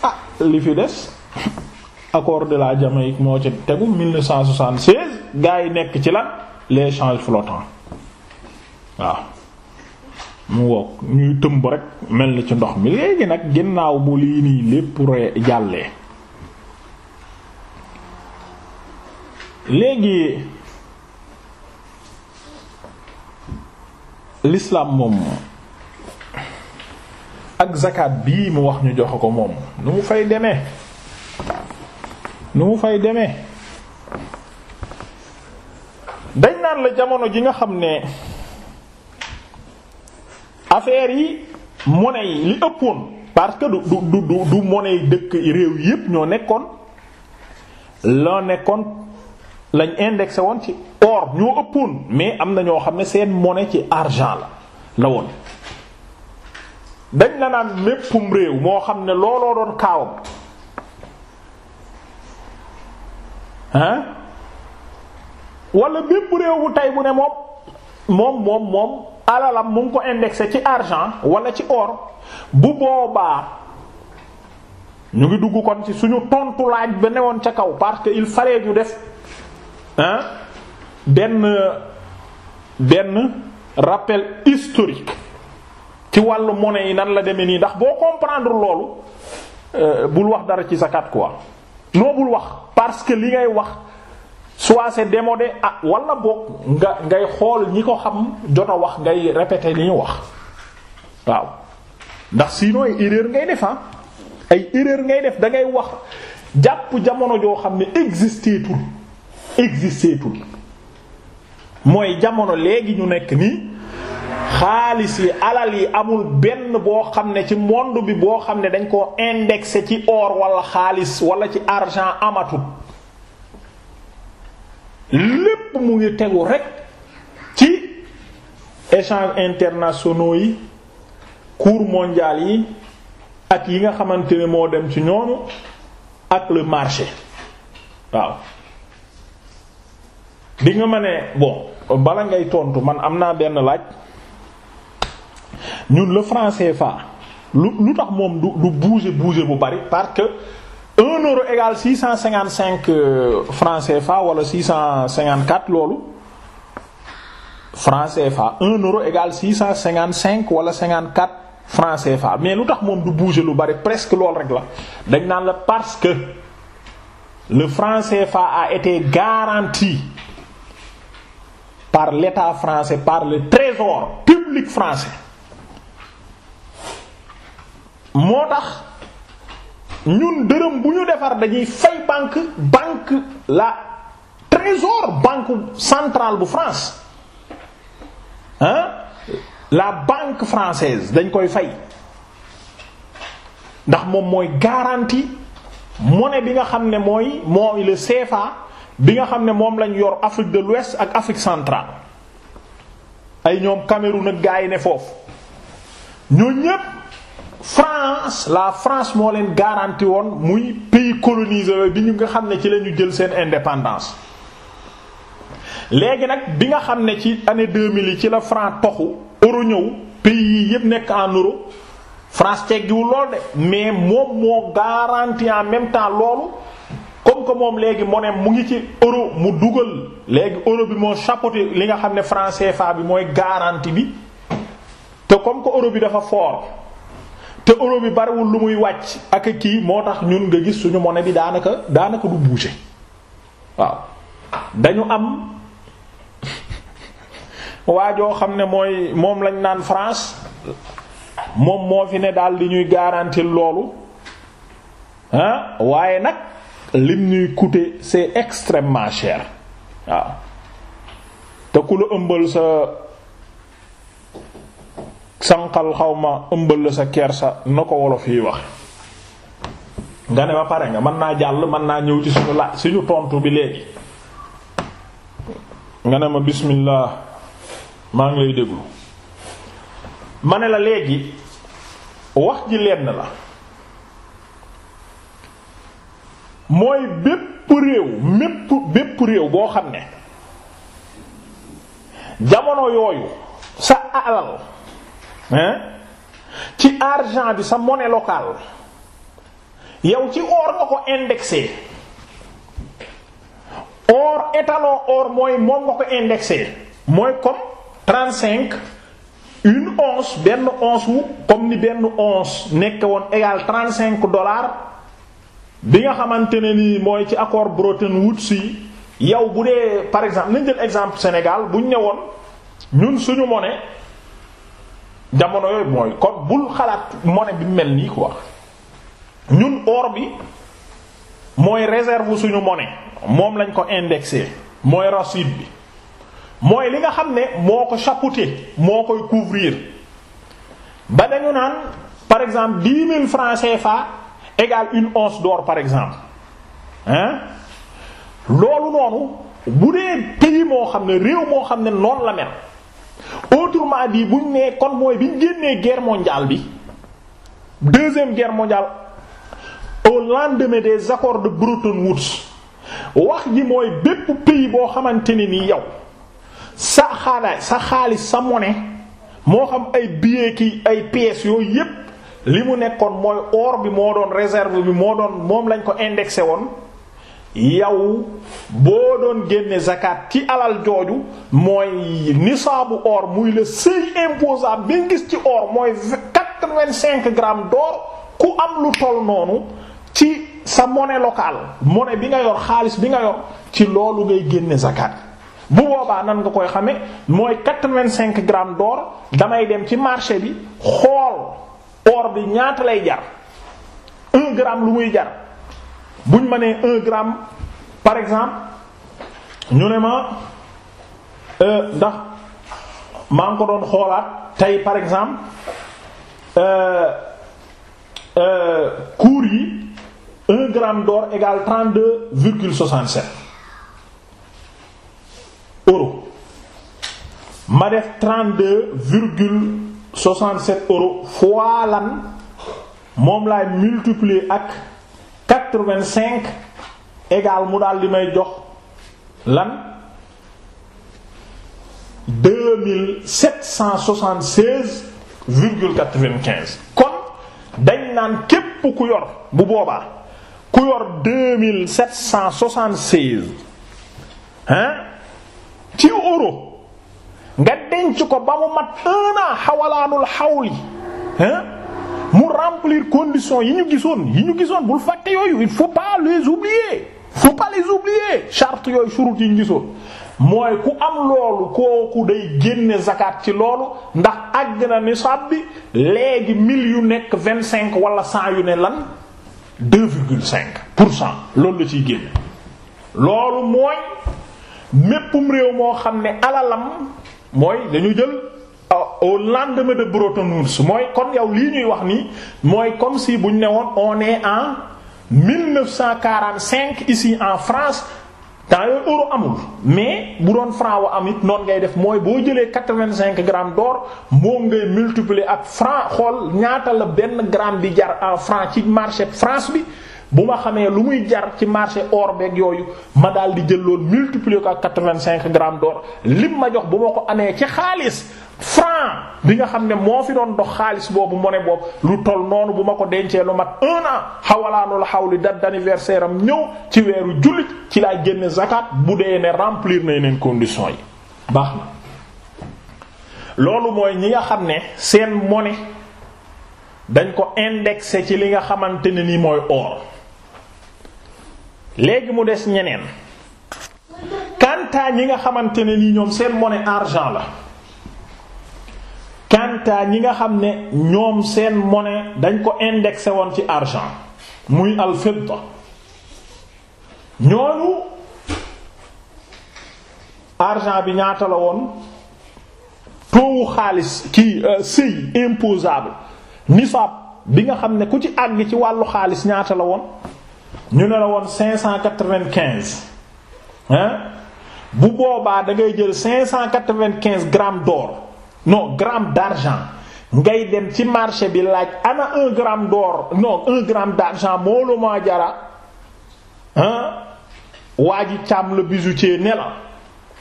ah li fi des accord de la Jamaïque moo ci tegu 1976 gars yi nekk ci la lan l'échange flottant waaw mu wook ñuy tëmb rek mel ni ci ndox mi léegi nag ginnaaw bu lii nii lépp jàllee léegi lislaam moom ak zakat bii mu wax ñu joxe ko moom nu mu fay demee nu mu fay demee dañ naan la jamono ji nga xam ne affaire yi monnaie yi li ëppoon parce que du du du du monnaie dëkk réew yépp ñoo nekkoon loo nekkoon lañ indexé woon ci or ñoo ëppoon mais am na ñoo xam ne seen monnaie ci argent la la woon dañ la naan méppum réew moo xam ne looloo doon kaawam hein wala bépp réew bu tey bu ne moom moom moom alalam mu ko indexé ci argent wala ci or bu boobaa ñu ngi dugg kon ci suñu tontu laaj ba ne woon ca kaw parce que il fallait ñu def ah benn benn rappel historique ci wàllu monnaie yi nan la demee nii ndax boo comprendre loolu euh, bul wax dara ci zakat quoi non bul wax parce que li ngay wax soit c'est démodé ah wala boog nga ngay xool ñi ko xam jot a wax ngay répéter li ñu wax waaw ndax sinon ay erreur ngay def ah. ay erreur ngay def da ngay wax jàpp jamono joo xam ne existé tout existé mooy jamono léegi ñu nekk nii xaalis yi alal yi amul benn boo xam ne ci monde bi boo xam ne dañ koo indexé ci or wala xaalis wala ci argent amatul lépp mu ngi tegu rek ci échanges internationaux yi cours mondial yi ak yi nga xamante ne moo dem ci ñooñu ak le marché waaw bi nga ma ne bon bala ngay tontu man am naa benn laaj ñun le franc CFA lu lu tax moom du du bouger bouger bu bari parce que un euro égale six cent cinquante cinq euh, franc CFA wala six cent cinquante quatre loolu franc CFA un euro égale six cent cinquante cinq wala cinquante quatre franc CFA mais lu tax moom du bouger lu bari presque loolu rek la dañ naan la parce que le franc CFA a été garanti. par l'État français par le trésor public français moo tax ñun dërëm bu ñu defar dañuy fay banque banque la trésor banque centrale bu France hein la banque française dañ koy fay ndax moom mooy garantie monnaie bi nga xam ne mooy mooy le CFA bi nga xam ne moom lañ yor Afrique de l'Ouest ak Afrique centrale ay ñoom Cameroun ak gaa yi ne foofu ñoo ñépp France la France moo leen garanti woon muy pays colonisé bi ñu nga xam ne ci la ñu jël seen indépendance léegi nag bi nga xam ne ci année 2000 yi ci la franc toxu euro ñëw pays yi yépp nekk en euro France teggiwul lool de mais moom moo garanti en même temps loolu comme ko moom léegi mu ne mu ngi ci euro mu dugal léegi euro bi moo chapeauté li nga xam ne franc CFA bi mooy garantie bi te comme que euro bi dafa foor te euro bi bariwul lu muy wàcc ak kii moo tax ñun nga gis suñu mone bi daanaka daanaka du bouger waaw dañu am waa joo xam ne mooy moom lañ naan France moom moo fi ne daal li ñuy garantir loolu ah waaye nag. lim ñuy couté c'est extrêmement cher waaw te ku la ëmbal sa sanqal xawma ëmbal la sa kersa na ko wolof yi wax nga ne ba pare nga mën naa jàll man naa ñëw ci suñu laaj suñu tontu bi léegi nga ne ma bismillah maa ngi déglu ma ne la léegi wax ji lenn la mooy bépp réew mépp bépp réew boo xam ne jamono yooyu sa alal hein ci argent bi sa monnaie local yow ci or nga ko indexé or étalon or mooy moom nga ko indexé mooy comme trente-cinq une once benn once wu comme ni benn once nekk woon égal trente-cinq dollars bi nga xamante ne nii mooy ci accord Bretton Woods si yow bu dee par exemple nañ jël exemple Sénégal buñ ne woon ñun suñu monnaie jamono yooyu mooy kon bul xalaat monnaie bi mu mel nii wax ñun oor bi mooy réserve suñu monnaie moom lañ ko indexé mooy racine bi mooy li nga xam ne moo ko chapeauté moo koy couvrir ba dañu naan par exemple dix mille égale une once d'or par exemple hein loolu noonu bu dee pays moo xam ne réew moo xam ne noonu la mel autrement dit buñ nee kon mooy biñ génnee guerre mondiale bi deuxième guerre mondiale au lendemain des accords de Bretton Woods wax ji mooy bépp pays boo xamante ni ni yow sa xaalaay sa xaalis sa monnaie moo xam ay billets ay pièces yooyu yépp li mu nekkoon mooy or bi moo doon réserve bi moo doon moom lañ ko indexé woon yow boo doon génne zakat ci alal jooju mooy bu or muy le seuil imposable bi nga gis ci or mooy quatre-vingt-cinq grammes d'or ku am lu toll noonu ci sa monnaie locale monnaie bi nga yor xaalis bi nga yor ci loolu ngay génne zakat bu boobaa nan nga koy xamee mooy quatre-vingt-cinq grammes damay dem ci marché bi. or bi ñaata lay jar un gramme lu muy jar buñ ma nee un gramme par exemple ñu ne ma euh, ndax maa ngi ko doon xoolaat tey par exemple euh, euh, cours yi un gramme d'or égale trente-deux virgule soixante-sept euros ma def trente-deux virgule 67 euros fois lan moom laay multiplier ak 85 égal mu daal di may jox lan 2776 virgule 95 kon dañ naan képp ku yor bu boobaa ku yor 2776 hein ci euro nga denc ko ba mu mat un an xawalaanul xawli mu remplir conditions yi ñu gisoon yi ñu gisoon bul fàtte yooyu il faut pas les oublier faut pas les oublier charte yooyu shurut yi ñu gisoon mooy ku am loolu kooku day génne zakat ci loolu ndax àgg na nisaab bi léegi mille yu nekk vingt cinq wala cent yu ne lan deux cinq pour cent loolu la ciy génn loolu mooy méppum réew moo xam ne alalam mooy dañu jël ah, au lendemain de Bretton su mooy kon yow lii ñuy wax nii mooy comme si buñ ne woon on est en 1945 ici en France temps yooyu euro amul mais bu doon franc wa am it noonu ngay def mooy boo jëlee quatre-vingt-cinq grammes d'or moom ngay multiplier ak franc xool ñaata la benn gramme bi jar en franc ci marché France bi. bu ma xamee lu muy jar ci marché or beeg yooyu ma daal di jël loolu multiplier ko ak quatre-vingt-cinq grammes d'or lim ma jox bu ma ko amee ci xaalis franc bi nga xam ne moo fi doon dox xaalis boobu monnaie boobu lu toll noonu bu ma ko dencee lu mat un an xawalaanul xawli date d'anniversaire am ñëw ci weeru jullit ci laa génne zakat bu dee ne remplir na yeneen conditions yi baax na loolu mooy ñi nga xam ne seen monnaie dañ ko indexé ci li nga xamante ne nii mooy or. léegi mu des ñeneen kantaa ñi nga xamante ne nii ñoom seen monnaie argent la kantaa ñi nga xam ne ñoom seen monnaie dañ ko indexé woon ci argent muy al fidda ñooñu argent bi ñaata la woon toowu xaalis ci euh, sëy imposable nisaab bi nga xam ne ku ci àgg ci wàllu xaalis ñaata la woon ñu ne la woon cent quatre vingt bu boobaa da ngay jël cinq cent quatre-vingt-quinze d'or non gramme d'argent ngay dem ci marché bi laaj ana un gramme d'or non un gramme d'argent moo lu maa jara waa ji càmm la bijoutier ne la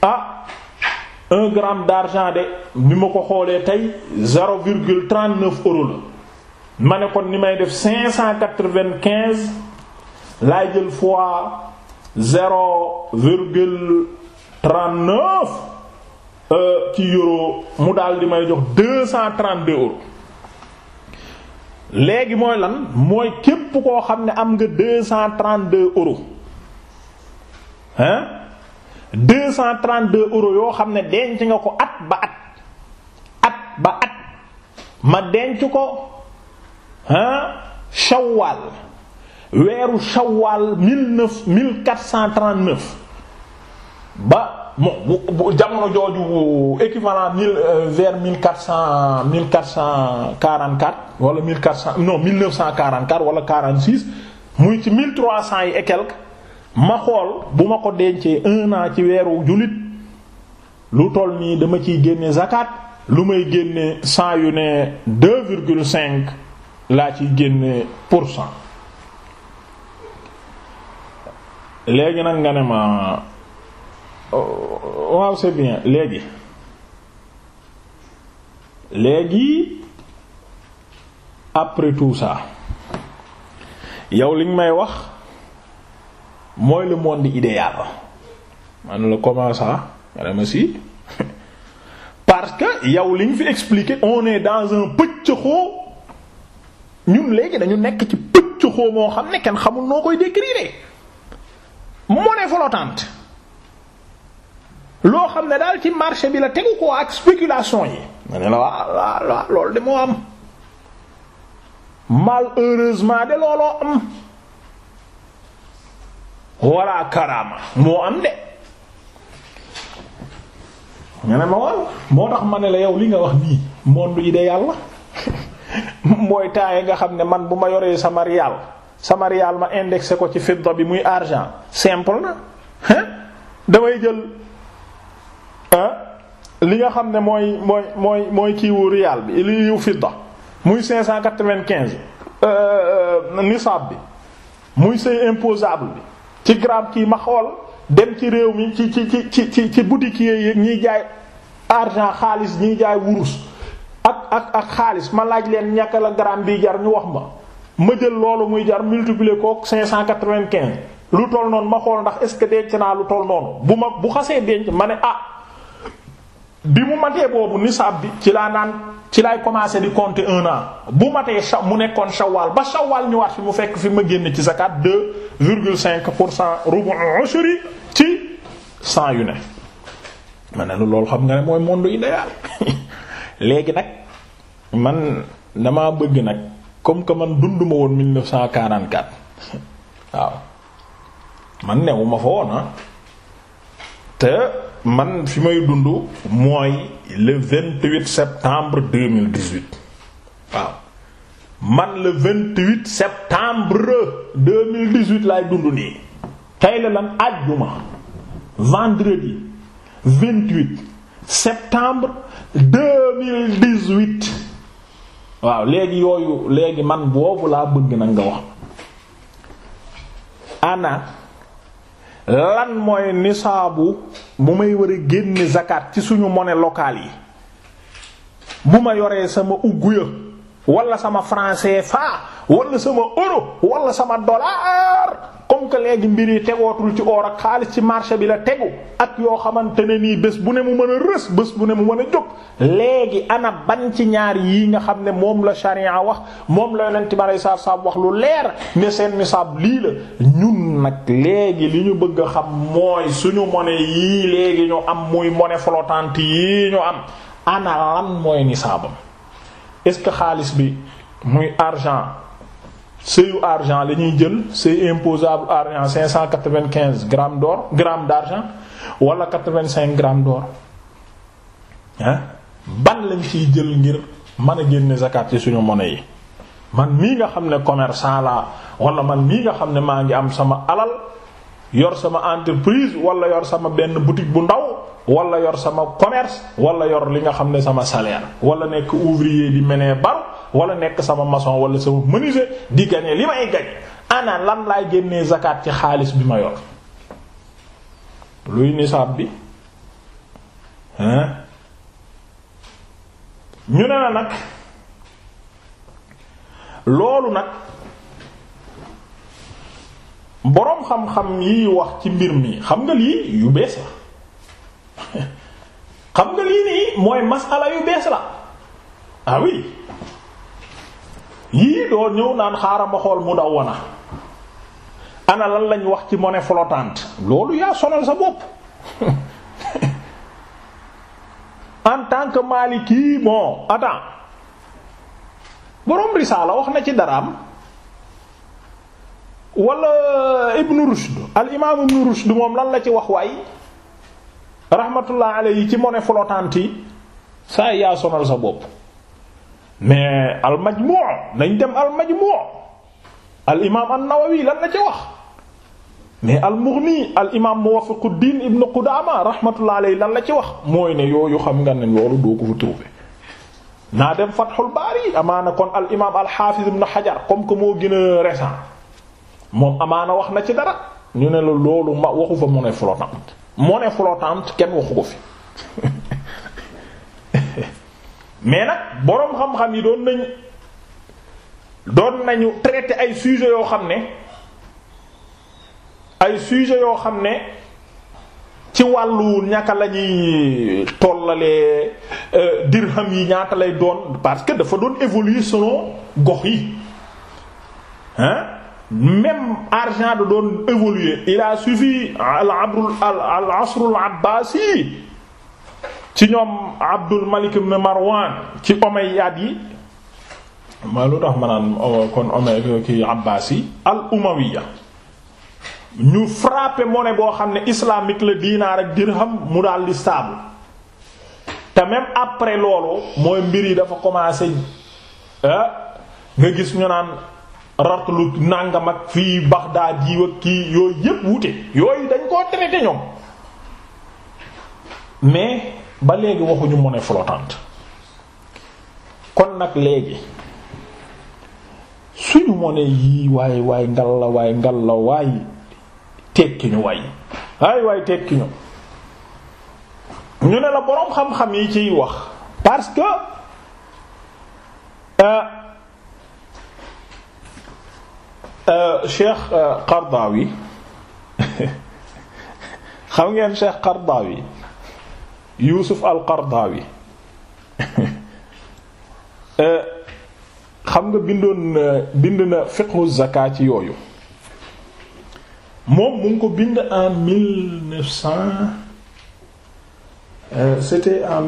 ah gramme d'argent de ni ma ko xoolee tey zéro virgule trente-neuf euros la ma ne kon ni may def cinq cent laay jël fois zéro virgule trente-neuf euh, ci euro mu daal di may jox deux cent trente-deux léegi mooy lan mooy képp koo xam ne am nga deux cent trente-deux euros hein deux cent yoo xam ne denc nga ko at ba at at ba at ma denc ko hein shawwal weeru shawaal mille neuf mille quatre cent trente neuf ba bon bu jamono jooju équivalent mille euh, vers mille quatre cent mille quatre cent quarante quatre wala mille quatre cent non mille neuf cent quarante quatre wala quarante six muy ci mille cent yi et ma xool bu ma ko dencee un an ci weeru jullit lu toll nii dama ciy génne zakat lu may génne cent yu ne deux virgule cinq laa ciy génne pour cent. léegi nag nga ne ma waaw c'est bien léegi léegi après tout ça yow liñ may wax mooy le monde idéal man la comment ça nga ne ma si parce que yow liñ fi expliqué on est dans un pëccëxoo ñun léegi dañu nekk ci pëccëxoo moo xam ne kenn xamul noo koy décrire monnaie flottante loo xam ne daal ci marché bi la tegu ko ak spéculation yi ma ne la waa waa loolu de moo am malheureusement de looloo am walla karama moo am de ne ma waaw moo tax ma ne la yow li nga wax nii monde yi de yàlla mooy taaye nga xam ne man bu ma yoree sama sama rial ma indexé ko ci fidda bi muy argent simple na hein damay jël li nga xam ne mooy mooy mooy mooy kiiwu rial bi li yu fidda muy cinq cent quatre-vingt-quinze euh, euh, nisaab bi muy c'est imposable bi ci gramme kii ma xool dem ci réew mi ci ci ci ci ci ci boutique yi ñuy jaay argent xaalis ñiy jaay wurus ak ak ak xaalis ma laaj leen ñàkk la gramme bi jar ñu wax ma ma jël loolu muy jar multiplier ko 595 lu toll noonu ma xool ndax est-ce que denc naa lu toll noonu bu ma bu xasee denc ma ne ah bi mu matee boobu nisaab bi ci laa naan ci laay commencer di compter un an bu matee sa mu nekkoon shawal ba shawal ñëwaat fi mu fekk fi ma génn ci sa zakat cinq pour cent rubu ushri ci 100 yu ne. ma ne loolu xam nga ne mooy monde idéal léegi nag man damaa bëgg nag. comme que man dunduma woon 1944 waaw man newuma fa woon ah te man fi may dund mooy le 28 septembre 2018 waaw man le 28 septembre 2018 dund nii tey la lan àjjuma vendredi 28 septembre 2018 waaw léegi yooyu léegi man boobu laa bëgg nag nga wax ana lan mooy nisaabu bu may war a génne zakat ci suñu mone locale yi bu ma yoree sama uggu ya wala sama franc CFA wala sama euro wala sama dollar comme que léegi mbir yi tegootul ci or ak xaalis ci marché bi la tegu ak yoo xamante ne nii bés bu ne mu mën a rës bés bu ne mu mën a jóg léegi ana ban ci ñaar yii nga xam ne moom la charia wax moom la yonent bi alei saatu salaam wax lu leer ne seen nisaab lii la ñun nag léegi li ñu bëgg a xam mooy suñu mone yii léegi ñu am muy monnaie flottante yii ñu am ana lan mooy nisaabam est-ce que xaalis bi muy argent sëyu argent la ñuy jël sëy imposable argent 595 grammes door grammes d'argent wala 85 grammes d'or ah ban lañ ciy jël ngir man a génne zakat ci suñu monnaie yi man mii nga xam ne commerçant laa wala man mii nga xam ne maa ngi am sama alal yor sama entreprise walla yor sama benn boutique bu ndaw wala yor sama commerce wala yor li nga xam ne sama salaire wala nekk ouvrier di menee bar wala nekk sama maçon wala sama menuisier di gagner li may gagner ana lan laay génnee zakat ci xaalis bi ma yor luy nisaab bi hein ñu ne na nag loolu nag boroom xam-xam yi wax ci mbir mi xam nga lii yu bees la xam nga lii nii mooy masala yu bees la ah oui yii doo ñëw naan xaaral ma xool mu daw wana ana lañ wax ci monnaie flottante loolu yaa sonal sa bopp en tant que maliki bon attends boroom risaala wax na ci daraam wala Ibn Rushd al imaam Ibn Rushd moom lan la ci wax waay rahmatullah alayhi ci monnaie flottante yi saa yaa sonal sa bopp mais al majmuu nañ dem al majmuu al imaam an-Nawawi lan la ci wax mais al Mughni al imaam Muwaffaquddin Ibn Qudaama rahmatullah alayhi lan la ci wax mooy ne yooyu xam nga ne loolu doo ko fa trouver naa dem Fathul Baari amaana kon al imaam al Haafiz Ibn Hajar comme que moo gën a récent. moom amaana wax na ci dara ñu ne la loolu ma waxu fa monnaie flottante monnaie flottante kenn waxu ko fi mais nag boroom xam-xam yi doon nañu doon nañu traité ay sujets yoo xam ne ay suise yoo xam ne ci wàllu ñaka la ñuy tollalee euh, dirham yi ñaata lay doon parce que dafa doon évoluer selon gox yi même argent da doon évoluer il a al abrul al asrul abbaasi ci ñoom Abdul Malik ibn Marwan ci Omeyyades yi ma lu tax ma naan oh, kon Omey ki abbaasi al umawiya ñu frappé monnaie boo xam ne islamique la dinaar ak dirham mu daal di te même après loolu mooy mbir yi dafa commencé nga gis ñu naan. ratlu nàngam ak fii Baghdad yi ak kii yooyu yépp wute yooyu dañ koo traité ñoom mais ba léegi waxuñu monnaie flottante kon nag léegi suñu monnaie yii waay waay ngal la waay ngal la waay tekki ñu waay waay tekki ñu ñu ne la boroom xam-xam yi ciy wax parce que euh, Euh, Cheikh euh, Qardawi xam ngeen Cheikh Qardawi Yuusuf al Qardawi euh, xam nga bindoon bind na fiqhu zakat ci yooyu moom mu ko bind en mille neuf cent c'était en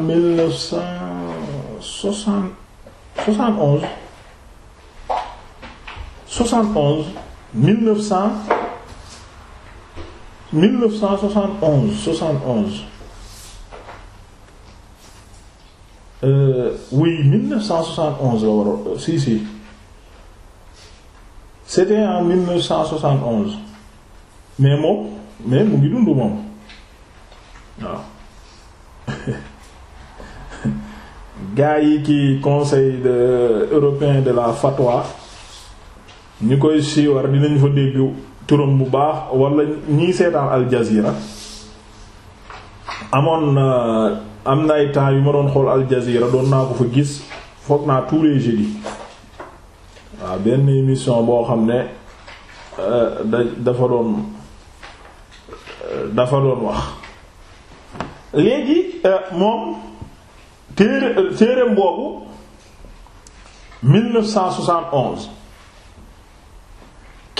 71 1900 1971 71 cent euh, oui 1971 la waroon euh, si si c'était en 1971 mais moom mais mu ngi dund moom waaw gars yi ki conseil de euh, européen de la fatwa ñi koy siiwar dinañu fa dégg turam bu baax wala ñiy seetaan aljazira amoon na am na ay temps yu ma doon xool aljazira doon naa ko fa gis foog naa tous les jeudis waaw benn émission boo xam ne euh, da dafa doon euh, dafa doon wax léegi euh, moom téere téereem boobu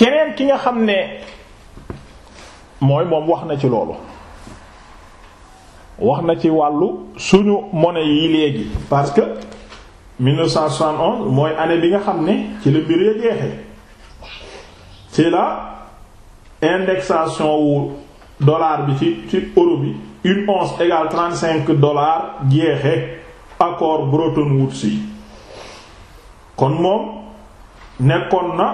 keneen ki nga xam ne mooy moom wax na ci loolu wax na ci wàllu suñu monnaie yi léegi parce que 1971 mooy année bi nga xam ne ci la mbir ya jeexee ci la indexation wu dollar bi ci ci euro bi une once égale 35 dollars jeexee accord Bretton Woods yi kon moom nekkoon na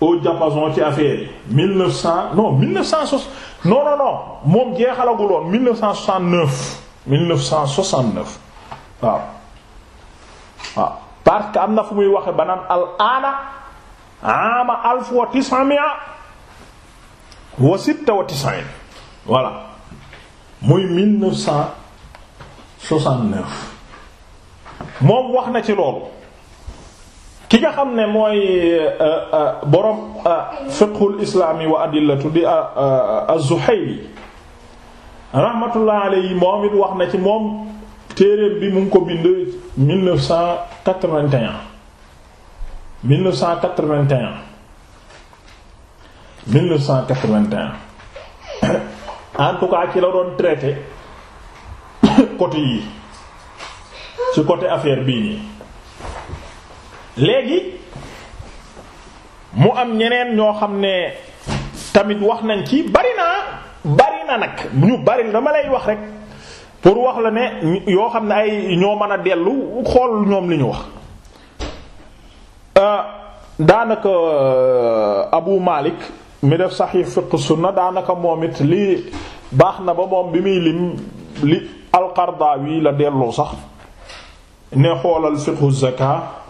o diapason ci affaire yi mille neuf cent non mille neuf cent soixante non non moom jeexalagul woon mille neuf cent soixante neuf mille neuf cent soixante waaw parce que am na fu muy waxe banaan al aana ama alf wa tisan mia wa sitta wa tisan voilà muy mille neuf cent soixante neuf moom wax na ci loolu ki nga xam ne mooy euh, euh, borom euh, fiqhul islaami wa adillatu di az-Zuhayli rahmatullah alayhi moom it wax na ci moom téeréem bi mu ngi ko bind 1981 1981 1981 en tout cas ci la doon traité côté yi ci côté affaire bii nii léegi mu am ñeneen ñoo xam ne tamit wax nañ ci bari naa nag ñu bari dama lay wax rek pour wax la ne yoo xam ne ay ñoo mën a dellu xool ñoom li ñu wax euh, daanaka euh, Abu Malik mi def Sahih fiqh sunna daanaka moom it li baax na ba moom bi muy lim li al-Qardawi la delloo sax ne xoolal fiqhu zakat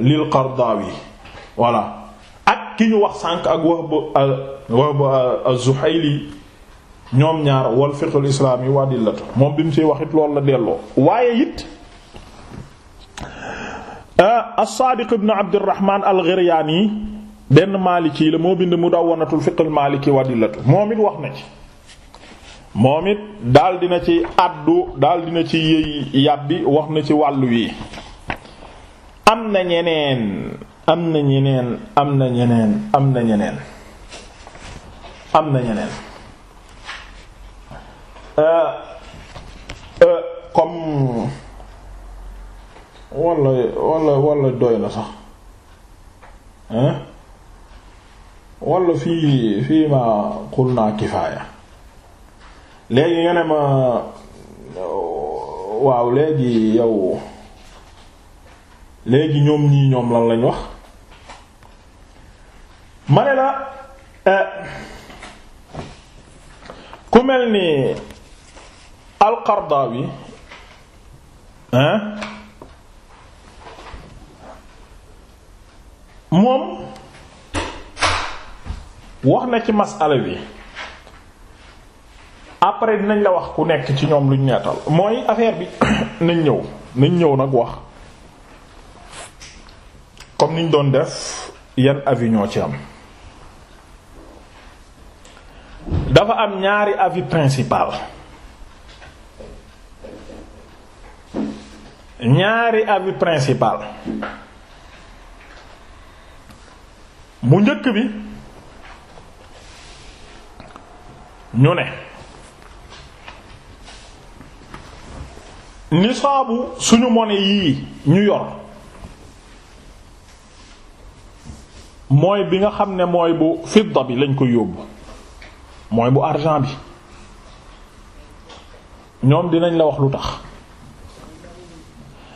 lil Qardawi voilà ak ki ñu wax sànq ak Wahb Wahb az-Zuhayli ñoom ñaar wal fiqhul islaami waa dillatu moom bi mu siy wax it loolu la delloo waaye it as-Saadiq ibn Abdurrahman al-Ghiryaani benn Maliki la moo bind mu Mudawwanatul fiqhul Maliki waa dillatu moom it wax na ci moom it daal dina ci àddu daal dina ci yëy yàbbi wax na ci wàll yi am na ñeneen am na ñeneen am na ñeneen am na ñeneen am na ñeneen euh, euh, comme walla walla walla doy na sax walla fii fii ma xul naa kifaaya léegi nga ma waaw léegi yow léegi ñoom ñii ñoom lan lañ wax ma ne la euh, ku mel ni al-Qardawi hein moom wax na ci masala bi après dinañ la wax ku nekk ci ñoom luñ nettal mooy affaire bi nañ ñëw nañ ñëw nag wax comme niñ doon def yan avis ñoo ci am dafa am ñaari avis principal ñaari avis principal mu njëkk bi ñu ne ni nisaabu suñu monnaie yii ñu yor mooy bi nga xam ne mooy bu fidda bi lañ koy yóbbu mooy bu argent bi ñoom dinañ la wax lu tax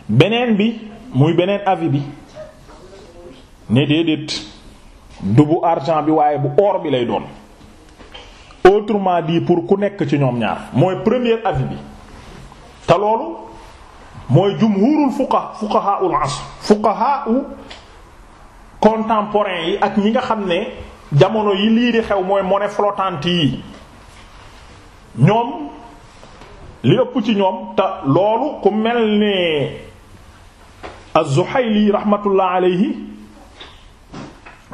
beneen bi muy beneen avis bi ne déedéet du bu argent bi waaye bu or bi lay doon autrement dit pour ku nekk ci ñoom ñaar mooy premier avis bi te loolu mooy jumhurul fuqaha fuqahaul asr fuqahaul contemporain yi ak ñi nga xam ne jamono yi lii di xew mooy monnaie flottante yi ñoom li ëpp ci ñoom te loolu ku mel ne az-Zuhayli rahmatullah alayhi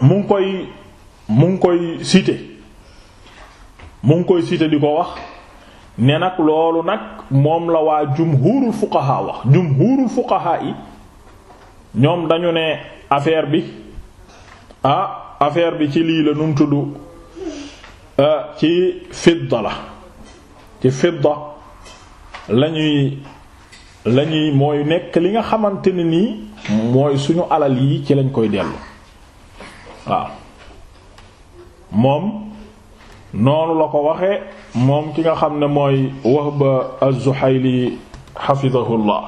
mu koy mu ngi koy cité mu ngi koy cité di ko wax ne nag loolu nag moom la waa jumhuurul fuqaha wax jumhuurul fuqaha yi ñoom dañu ne affaire bi ah affaire bi ci lii la nu mu tudd ah, ci fidda la ci fidda lañuy lañuy mooy nekk li nga xamante ne nii mooy suñu alal yi ci lañ koy dellu waaw moom noonu la ko waxee moom ki nga xam ne mooy Wahba az-Zuhayli hafidahullah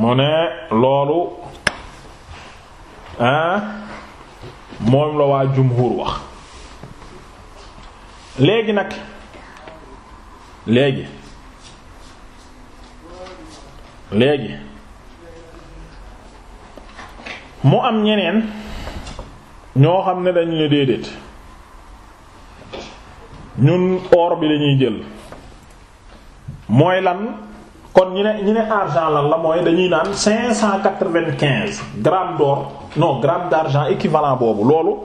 mu ne loolu ah moom la waa jumhur wax léegi nag léegi léegi mu am ñeneen ñoo xam ne dañu ne déedéet ñun or bi lañuy jël mooy lan kon ñu ne ñu ne argent lan la mooy dañuy naan cinq cent quatre-vingt-quinze grammes d'or non gramme d'argent équivalent boobu loolu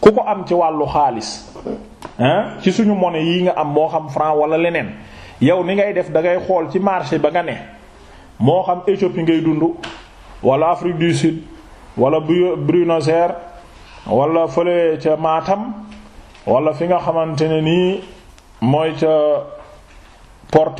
ku ko am ci wàllu xaalis hein ci suñu monnaie yi nga am moo xam franc wala leneen yow ni ngay def da ngay xool ci marché ba nga ne moo xam Éthiopie ngay dund wala Afrique du Sud wala Buenos Aires wala fële ca maatam wala fi nga xamante ne nii mooy ca Porto